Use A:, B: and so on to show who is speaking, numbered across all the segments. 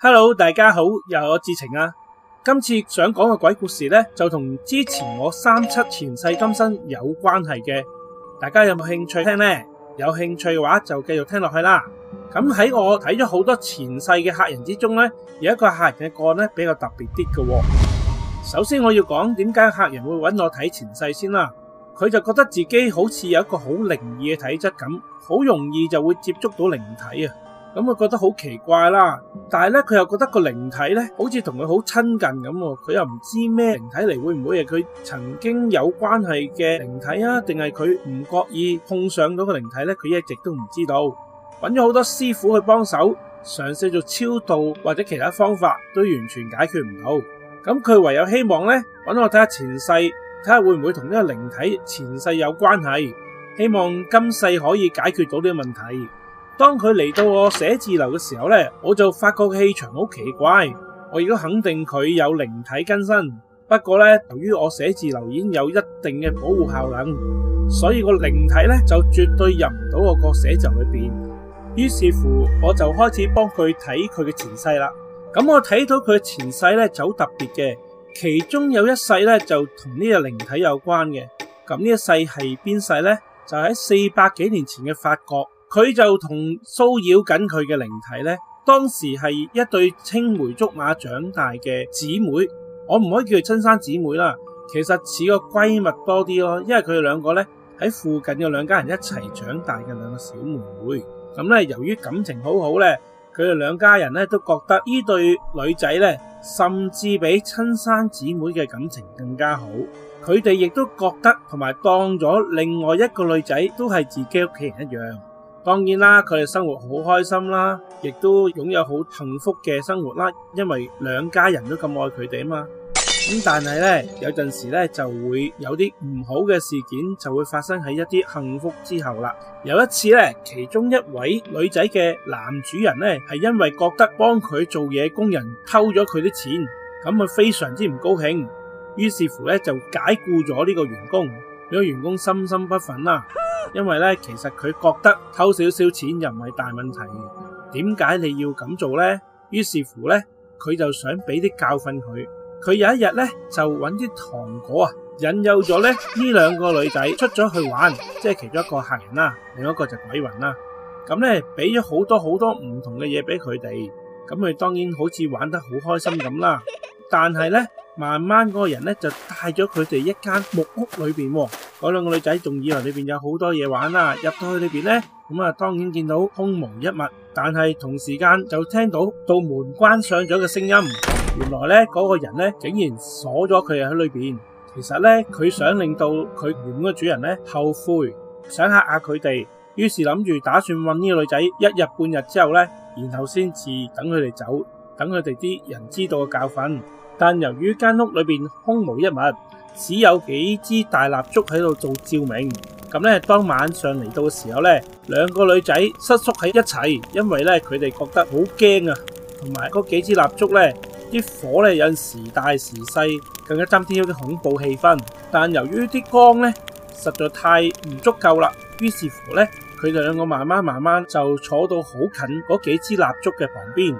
A: Hello，大家好，又係我智澄啊！今次想講嘅鬼故事呢，就同之前我三七前世今生有關係嘅，大家有冇興趣聽呢？有興趣嘅話就繼續聽落去啦。咁喺我睇咗好多前世嘅客人之中呢，有一個客人嘅個案呢，比較特別啲嘅。首先我要講點解客人會揾我睇前世先啦，啊。佢就覺得自己好似有一個好靈異嘅體質咁，好容易就會接觸到靈體啊。咁佢覺得好奇怪啦！但係咧，佢又覺得個靈體咧，好似同佢好親近咁。佢又唔知咩靈體嚟，會唔會係佢曾經有關係嘅靈體啊？定係佢唔覺意碰上到個靈體咧？佢一直都唔知道。揾咗好多師傅去幫手，嘗試做超度或者其他方法，都完全解決唔到。咁佢唯有希望呢，揾我睇下前世，睇下會唔會同呢個靈體前世有關係，希望今世可以解決到呢個問題。當佢嚟到我寫字樓嘅時候呢，我就發覺氣場好奇怪。我亦都肯定佢有靈體跟身。不過呢，由於我寫字樓已經有一定嘅保護效能，所以個靈體呢就絕對入唔到我個寫字樓裏邊。於是乎，我就開始幫佢睇佢嘅前世啦。咁我睇到佢嘅前世呢就好特別嘅，其中有一世呢，就同呢個靈體有關嘅。咁呢一世係邊世呢？就喺四百幾年前嘅法國。佢就同騷擾緊佢嘅靈體呢，當時係一對青梅竹馬長大嘅姊妹，我唔可以叫佢親生姊妹啦。其實似個閨蜜多啲咯，因為佢哋兩個呢，喺附近嘅兩家人一齊長大嘅兩個小妹妹。咁呢，由於感情好好呢，佢哋兩家人呢，都覺得呢對女仔呢，甚至比親生姊妹嘅感情更加好。佢哋亦都覺得同埋當咗另外一個女仔都係自己屋企人一樣。當然啦，佢哋生活好開心啦，亦都擁有好幸福嘅生活啦，因為兩家人都咁愛佢哋啊嘛。咁但係咧，有陣時咧就會有啲唔好嘅事件就會發生喺一啲幸福之後啦。有一次咧，其中一位女仔嘅男主人咧，係因為覺得幫佢做嘢工人偷咗佢啲錢，咁佢非常之唔高興，於是乎咧就解雇咗呢個員工。有個員工心生不忿啦、啊，因為咧其實佢覺得偷少少錢又唔係大問題，點解你要咁做咧？於是乎咧，佢就想俾啲教訓佢。佢有一日咧就搵啲糖果啊，引誘咗咧呢兩個女仔出咗去玩，即係其中一個客人啦，另一個就鬼魂啦。咁咧俾咗好多好多唔同嘅嘢俾佢哋，咁佢當然好似玩得好開心咁啦，但係咧。慢慢嗰個人咧就帶咗佢哋一間木屋裏邊，嗰兩個女仔仲以為裏邊有好多嘢玩啦，入到去裏邊咧，咁啊當然見到空無一物，但係同時間就聽到到門關上咗嘅聲音，原來咧嗰個人咧竟然鎖咗佢喺裏邊，其實咧佢想令到佢原本嗰個主人咧後悔，想吓下佢哋，於是諗住打算困呢個女仔一日半日之後咧，然後先至等佢哋走，等佢哋啲人知道個教訓。但由於間屋裏邊空無一物，只有幾支大蠟燭喺度做照明。咁呢，當晚上嚟到嘅時候呢，兩個女仔失縮喺一齊，因為呢，佢哋覺得好驚啊，同埋嗰幾支蠟燭呢啲火呢，有陣時大時細，更加增添咗啲恐怖氣氛。但由於啲光呢，實在太唔足夠啦，於是乎呢，佢哋兩個慢慢慢慢就坐到好近嗰幾支蠟燭嘅旁邊。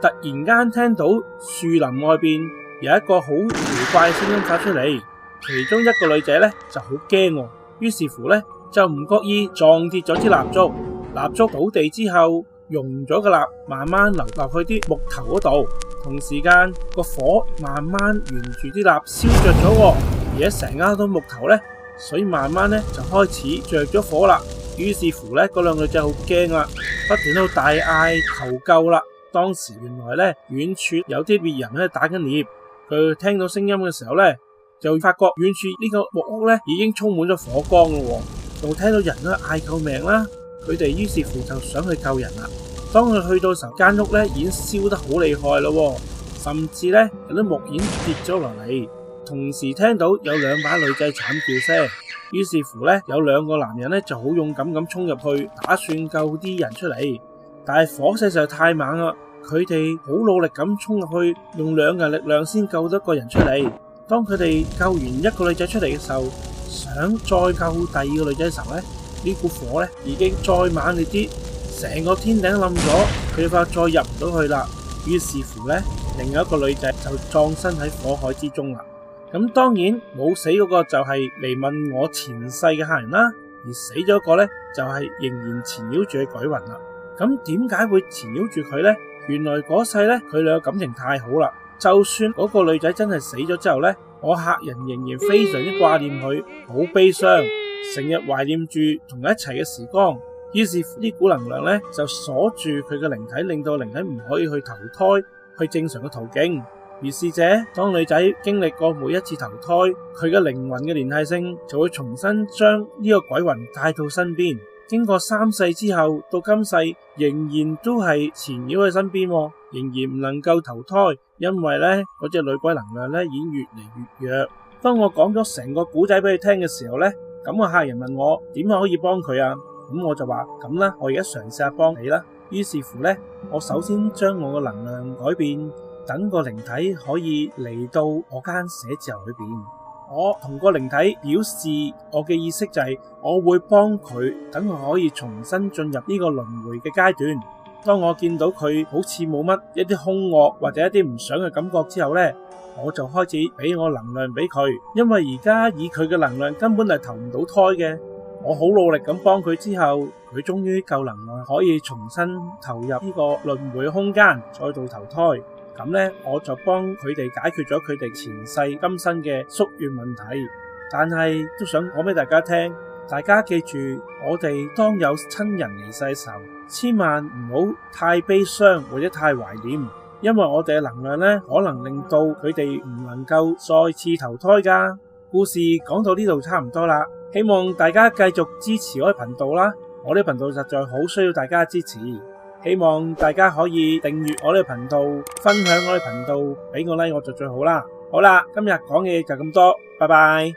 A: 突然間聽到樹林外邊。有一個好奇怪嘅聲音發出嚟，其中一個女仔呢就好驚哦，於是乎呢，就唔覺意撞跌咗支蠟燭，蠟燭倒地之後，溶咗嘅蠟慢慢流落去啲木頭嗰度，同時間個火慢慢沿住啲蠟燒着咗，而喺成間都木頭呢，所以慢慢呢就開始着咗火啦。於是乎呢，嗰兩個女仔好驚啦，不斷喺度大嗌求救啦。當時原來呢，遠處有啲別人喺度打緊獵。佢聽到聲音嘅時候呢，就發覺遠處呢個木屋呢已經充滿咗火光咯，仲聽到人都嗌救命啦。佢哋於是乎就想去救人啦。當佢去到時候，間屋呢已經燒得好厲害咯，甚至呢有啲木片跌咗落嚟，同時聽到有兩把女仔慘叫聲。於是乎呢，有兩個男人呢就好勇敢咁衝入去，打算救啲人出嚟，但係火勢實在太猛啦。佢哋好努力咁衝入去，用兩人力量先救得一個人出嚟。當佢哋救完一個女仔出嚟嘅時候，想再救第二個女仔嘅時候呢，呢股火呢已經再猛烈啲，成個天頂冧咗，佢怕再入唔到去啦。於是乎呢，另外一個女仔就葬身喺火海之中啦。咁當然冇死嗰個就係嚟問我前世嘅客人啦，而死咗嗰個呢，就係仍然纏繞住佢鬼魂啦。咁點解會纏繞住佢呢？原來嗰世咧，佢兩個感情太好啦。就算嗰個女仔真係死咗之後咧，我客人仍然非常之掛念佢，好悲傷，成日懷念住同佢一齊嘅時光。於是呢股能量咧就鎖住佢嘅靈體，令到靈體唔可以去投胎，去正常嘅途徑。而是者，當女仔經歷過每一次投胎，佢嘅靈魂嘅連繫性就會重新將呢個鬼魂帶到身邊。經過三世之後，到今世仍然都係纏繞喺身邊，仍然唔能夠投胎，因為呢，嗰隻女鬼能量呢已經越嚟越弱。當我講咗成個古仔俾佢聽嘅時候呢，咁、個客人問我點樣可以幫佢啊？咁、嗯、我就話咁啦，我而家嘗試下幫你啦。於是乎呢，我首先將我個能量改變，等個靈體可以嚟到我間寫字樓裏邊。我同個靈體表示我嘅意識就係我會幫佢，等佢可以重新進入呢個輪迴嘅階段。當我見到佢好似冇乜一啲凶惡或者一啲唔想嘅感覺之後呢，我就開始俾我能量俾佢，因為而家以佢嘅能量根本係投唔到胎嘅。我好努力咁幫佢之後，佢終於夠能量可以重新投入呢個輪迴空間，再度投胎。咁呢，我就幫佢哋解決咗佢哋前世今生嘅宿怨問題，但係都想講俾大家聽，大家記住，我哋當有親人離世時候，千萬唔好太悲傷或者太懷念，因為我哋嘅能量呢，可能令到佢哋唔能夠再次投胎噶故事講到呢度差唔多啦，希望大家繼續支持我嘅頻道啦，我啲頻道實在好需要大家支持。希望大家可以訂閱我呢個頻道，分享我哋頻道，俾個 like 我就最好啦。好啦，今日講嘢就咁多，拜拜。